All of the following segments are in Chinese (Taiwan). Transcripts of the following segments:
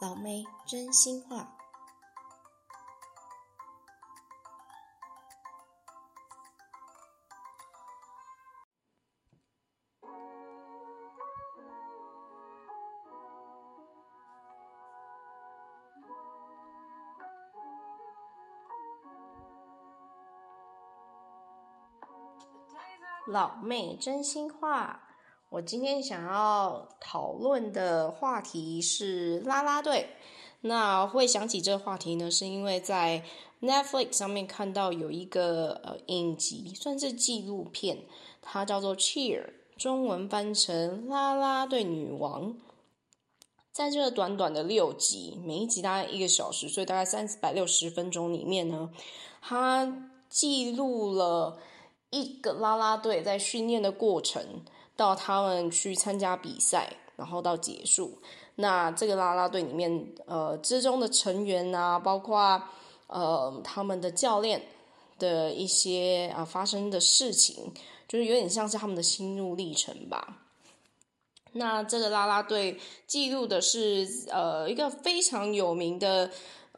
老妹，真心話。老妹，真心話。我今天想要討論的話題是拉拉隊。那會想起這個話題呢，是因為在 Netflix 上面看到有一個呃影集，算是紀錄片，它叫做《Cheer》，中文翻成《拉拉隊女王》。在這個短短的六集，每一集大概一個小時，所以大概三四百六十分鐘裡面呢，它記錄了一個拉拉隊在訓練的過程。到他們去參加比賽，然後到結束，那這個啦啦隊裡面，呃，之中的成員啊，包括呃他們的教練的一些啊，呃，發生的事情，就是有點像是他們的心路歷程吧。那這個啦啦隊記錄的是呃一個非常有名的。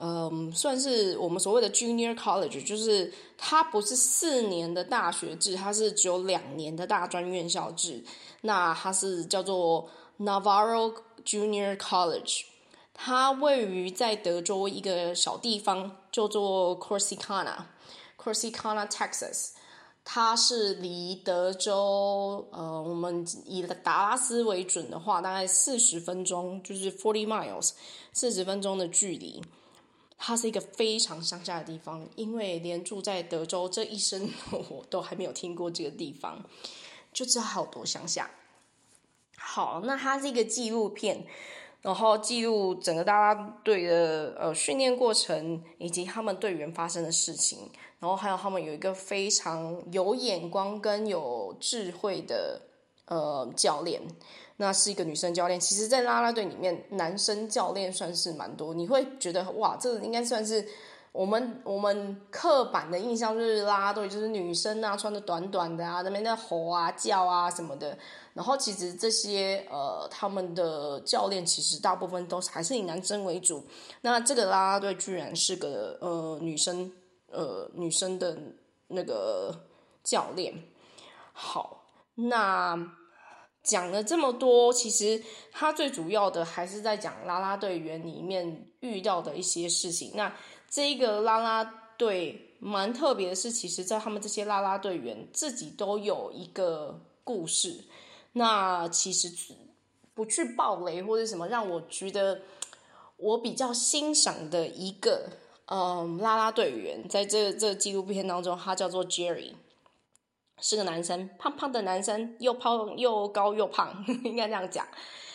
嗯，算是我們所謂的 junior college，就是它不是四年的大學制，它是只有兩年的大專院校制。那它是叫做 Navarro Junior College，它位於在德州一個小地方，叫做 Corsicana，Corsicana, Texas。它是離德州呃，我們以達拉斯為準的話，大概四十分鐘，就是 forty miles，四十分鐘的距離。它是一個非常鄉下的地方，因為連住在德州這一生我都還沒有聽過這個地方，就知道好多鄉下。好，那它是一個紀錄片，然後記錄整個啦啦隊的呃訓練過程，以及他們隊員發生的事情，然後還有他們有一個非常有眼光跟有智慧的呃教練。那是一個女生教練，其實，在啦啦隊裡面，男生教練算是蠻多。你會覺得哇，這個，應該算是我們我們刻板的印象就是啦啦隊就是女生啊，穿的短短的啊，那邊的吼啊叫啊什麼的。然後其實這些呃，他們的教練其實大部分都是還是以男生為主。那這個啦啦隊居然是個呃女生呃女生的那個教練。好，那。講了這麼多，其實他最主要的還是在講啦啦隊員裡面遇到的一些事情。那這個啦啦隊蠻特別的是，其實，在他們這些啦啦隊員自己都有一個故事。那其實不去爆雷或者什麼，讓我覺得我比較欣賞的一個，嗯、呃，啦啦隊員在這個、這個、紀錄片當中，他叫做 Jerry。是個男生，胖胖的男生，又胖又高又胖，應該這樣講。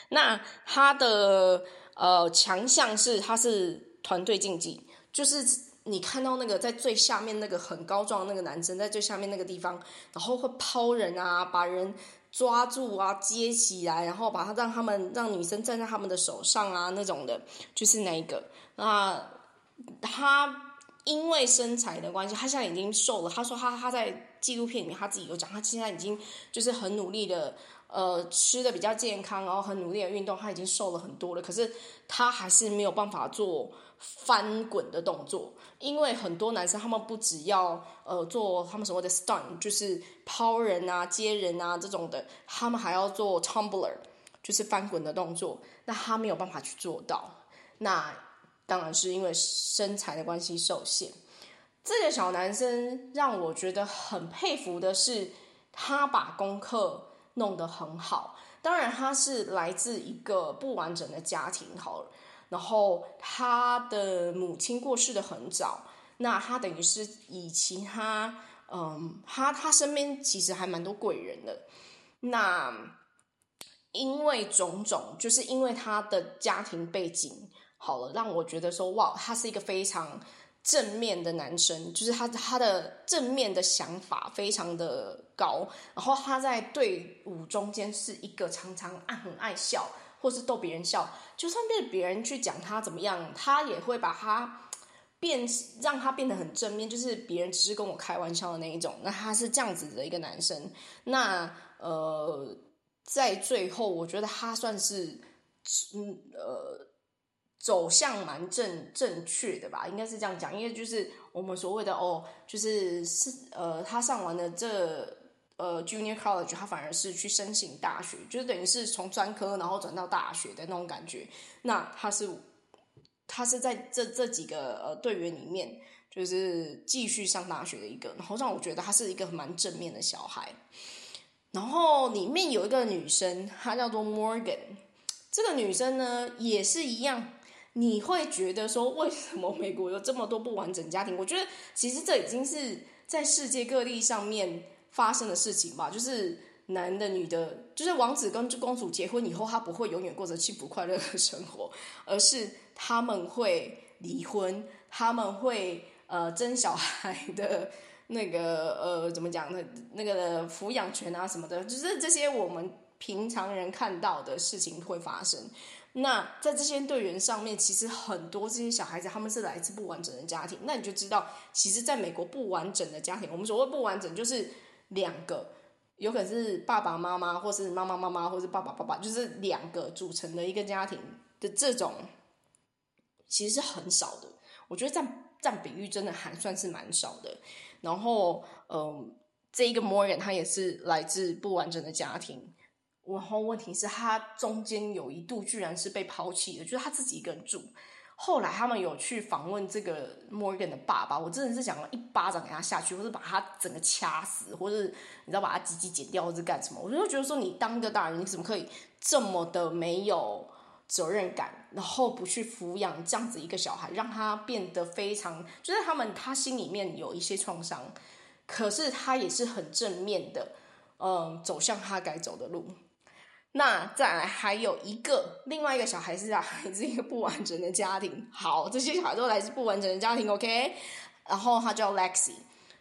那他的呃強項是他是團隊競技，就是你看到那個在最下面那個很高壯那個男生在最下面那個地方，然後會拋人啊，把人抓住啊，接起來，然後把他讓他們讓女生站在他們的手上啊那種的，就是那一個。那他因為身材的關係，他現在已經瘦了。他說他他在。紀錄片裡面他自己有講，他現在已經就是很努力的，呃，吃得比較健康，然後很努力的運動，他已經瘦了很多了。可是他還是沒有辦法做翻滾的動作，因為很多男生他們不只要呃做他們所謂的 stunt，就是拋人啊、接人啊這種的，他們還要做 tumbler，就是翻滾的動作。那他沒有辦法去做到，那當然是因為身材的關係受限。這個小男生讓我覺得很佩服的是，他把功課弄得很好。當然，他是來自一個不完整的家庭，好了。然後他的母親過世的很早，那他等於是以其他嗯，他他身邊其實還蠻多貴人的。那因為種種，就是因為他的家庭背景好了，讓我覺得說哇，他是一個非常，正面的男生，就是他，他的正面的想法非常的高，然後他在隊伍中間是一個常常愛很愛笑，或是逗別人笑，就算被別人去講他怎麼樣，他也會把他變，讓他變得很正面，就是別人只是跟我開玩笑的那一種。那他是這樣子的一個男生，那呃，在最後，我覺得他算是，嗯，呃。走向蠻正正確的吧，應該是這樣講，因為就是我們所謂的哦，就是是呃，他上完了這呃 junior college，他反而是去申請大學，就是等於是從專科然後轉到大學的那種感覺。那他是，他是在這這幾個呃隊員裡面，就是繼續上大學的一個，然後讓我覺得他是一個蠻正面的小孩。然後裡面有一個女生，她叫做 Morgan，這個女生呢，也是一樣。你會覺得說，為什麼美國有這麼多不完整家庭？我覺得其實這已經是在世界各地上面發生的事情吧。就是男的、女的，就是王子跟公主結婚以後，他不會永遠過着幸福快樂的生活，而是他們會離婚，他們會呃爭小孩的那個呃怎麼講呢？那個的撫養權啊什麼的，就是這些我們平常人看到的事情會發生。那在這些隊員上面，其實很多這些小孩子他們是來自不完整的家庭。那你就知道，其實在美國不完整的家庭，我們所謂不完整就是兩個，有可能是爸爸媽媽，或是媽媽媽媽，或是爸爸爸爸，就是兩個組成的一個家庭的這種，其實是很少的。我覺得占占比率真的還算是蠻少的。然後，嗯，這一個 Morgan 他也是來自不完整的家庭。然後問題是他中間有一度居然是被拋棄的，就是他自己一個人住。後來他們有去訪問這個 Morgan 的爸爸，我真的是想要一巴掌給他下去，或者把他整個掐死，或者你知道把他雞雞剪掉，或者幹什麼？我就覺得說，你當個大人，你怎麼可以這麼的沒有責任感，然後不去撫養這樣子一個小孩，讓他變得非常，就是他們他心裡面有一些創傷，可是他也是很正面的，嗯，走向他該走的路。那再來還有一個，另外一個小孩是啊，也是一個不完整的家庭。好，這些小孩都來自不完整的家庭，OK。然後他叫 Lexi，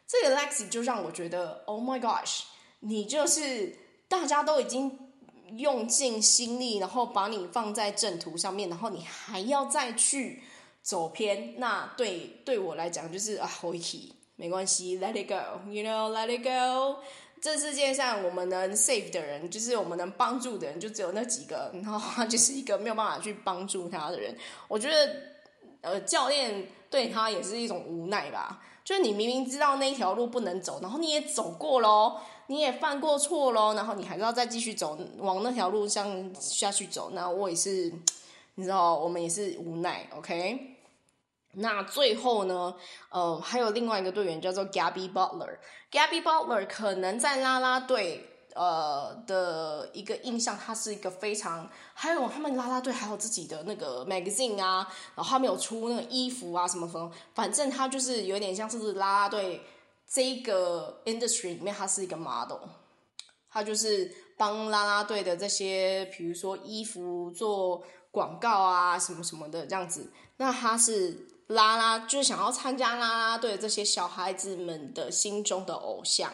這個 Lexi 就讓我覺得，Oh my gosh，你就是大家都已經用盡心力，然後把你放在正途上面，然後你還要再去走偏。那對對我來講就是啊，Hockey，沒關係，Let it go，You know，Let it go。這世界上我們能 save 的人，就是我們能幫助的人，就只有那幾個。然後他就是一個沒有辦法去幫助他的人，我覺得呃，教練對他也是一種無奈吧。就是你明明知道那條路不能走，然後你也走過咯，你也犯過錯咯，然後你還是要再繼續走往那條路上下去走。那我也是，你知道，我們也是無奈。OK。那最後呢，呃，還有另外一個隊員叫做 Gabby Butler。Gabby Butler 可能在啦啦隊呃的一個印象，他是一個非常……還有他們啦啦隊還有自己的那個 magazine 啊，然後他們有出那個衣服啊，什麼什麼，反正他就是有點像是拉拉隊這個 industry 裡面，他是一個 model，他就是幫啦啦隊的這些，比如說衣服做廣告啊，什麼什麼的這樣子。那他是。啦啦就是想要參加啦啦隊，這些小孩子們的心中的偶像，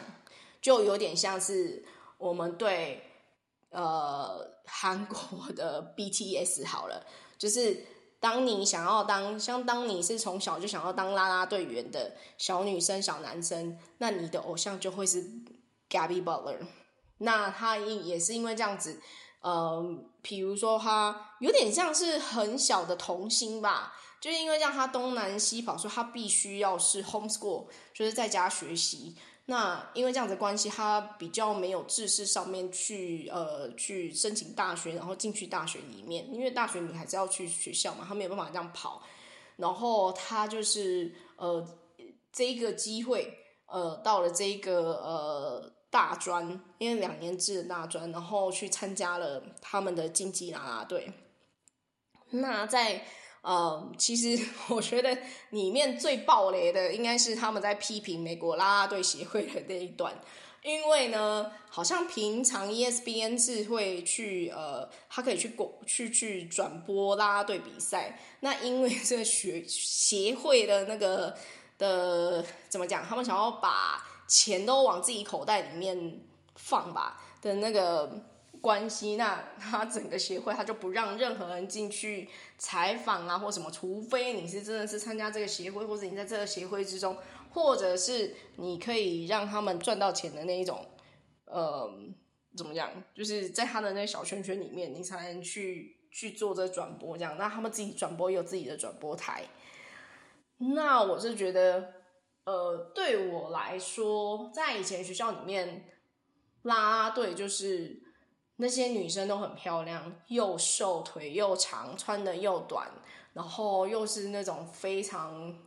就有點像是我們對呃韓國的 BTS 好了。就是當你想要當，像當你是從小就想要當啦啦隊員的小女生、小男生，那你的偶像就會是 Gabby Butler。那他也是因為這樣子。呃，比如說他有點像是很小的童星吧，就是因為讓他東南西跑，說他必須要是 homeschool，就是在家學習。那因為這樣子關係，他比較沒有知識上面去呃去申請大學，然後進去大學裡面，因為大學你還是要去學校嘛，他沒有辦法這樣跑。然後他就是呃這一個機會呃到了這個呃。大專，因為兩年制的大專，然後去參加了他們的競技啦啦隊。那在嗯、呃，其實我覺得裡面最暴雷的應該是他們在批評美國啦啦隊協會的那一段，因為呢，好像平常 ESPN 是會去呃，他可以去過去去轉播啦啦隊比賽，那因為這個學協會的那個的怎麼講，他們想要把。錢都往自己口袋裡面放吧的那個關係，那他整個協會他就不讓任何人進去採訪啊，或什麼，除非你是真的是參加這個協會，或者你在這個協會之中，或者是你可以讓他們賺到錢的那一種，嗯、呃，怎麼樣，就是在他的那小圈圈裡面，你才能去去做這轉播這樣。那他們自己轉播也有自己的轉播台，那我是覺得。呃，對我來說，在以前學校裡面，啦啦隊就是那些女生都很漂亮，又瘦腿又長，穿得又短，然後又是那種非常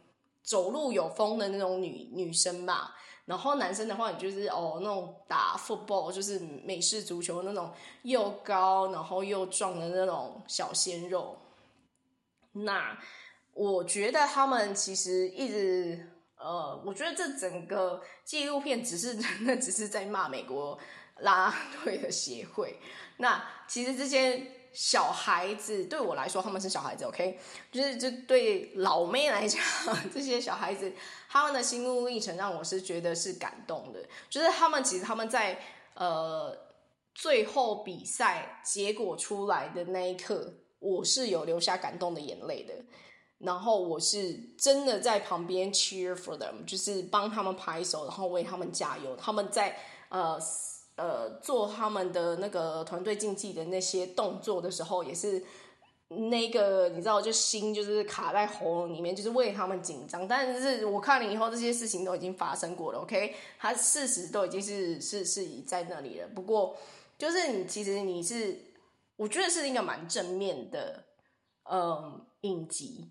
走路有風的那種女女生吧。然後男生的話，你就是哦那種打 football 就是美式足球那種又高然後又壯的那種小鮮肉。那我覺得他們其實一直。呃，我覺得這整個紀錄片只是那只是在罵美國拉隊的協會。那其實這些小孩子，對我來說他們是小孩子，OK，就是就對老妹來講，這些小孩子他們的心路歷程讓我是覺得是感動的。就是他們其實他們在呃最後比賽結果出來的那一刻，我是有流下感動的眼淚的。然後我是真的在旁邊 cheer for them，就是幫他們拍手，然後為他們加油。他們在呃呃做他們的那個團隊競技的那些動作的時候，也是那個你知道，就心就是卡在喉嚨裡面，就是為他們緊張。但是我看了以後這些事情都已經發生過了，OK？他事實都已經是是是已在那裡了。不過就是你其實你是，我覺得是一個蠻正面的，嗯，影集。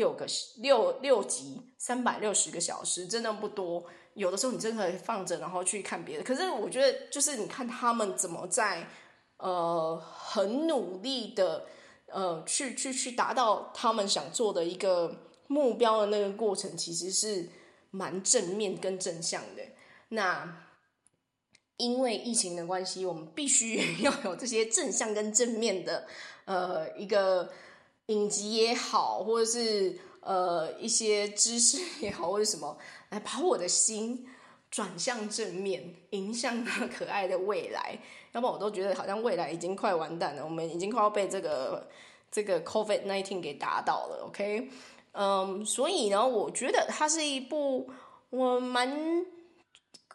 六個六六集三百六十個小時，真的不多。有的時候你真的可以放着，然後去看別的。可是我覺得，就是你看他們怎麼在呃很努力的呃去去去達到他們想做的一個目標的那個過程，其實是蠻正面跟正向的。那因為疫情的關係，我們必須要有這些正向跟正面的呃一個。影集也好，或者是呃一些知識也好，或者什麼，來把我的心轉向正面，迎向那可愛的未來。要不然我都覺得好像未來已經快完蛋了，我們已經快要被這個這個 COVID-19 給打倒了。OK，嗯，所以呢，我覺得它是一部我蠻。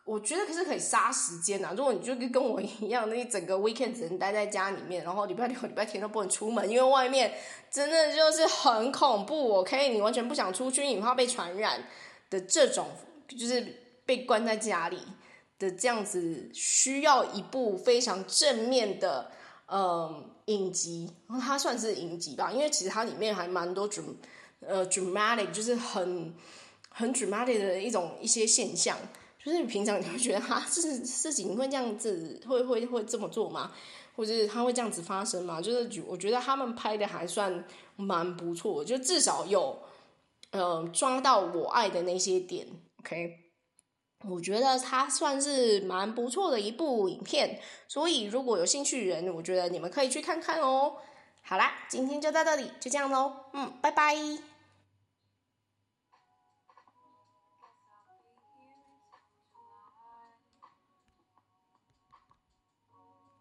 我覺得可是可以殺時間啊，如果你就跟我一樣，那一整個 weekend 只能待在家裡面，然後禮拜六、禮拜天都不能出門，因為外面真的就是很恐怖。我可以，你完全不想出去，你怕被傳染的這種，就是被關在家裡的這樣子，需要一部非常正面的，嗯、呃，影集，然後，它算是影集吧，因為其實它裡面還蠻多 dram 呃 dramatic，就是很很 dramatic 的一種一些現象。就是你平常你會覺得他事事情會這樣子會會會這麼做嗎？或者是他會這樣子發生嗎？就是我覺得他們拍的還算蠻不錯，就至少有嗯、呃、抓到我愛的那些點。OK，我覺得他算是蠻不錯的一部影片，所以如果有興趣的人，我覺得你們可以去看看哦。好啦，今天就到這裡，就這樣嘍。嗯，拜拜。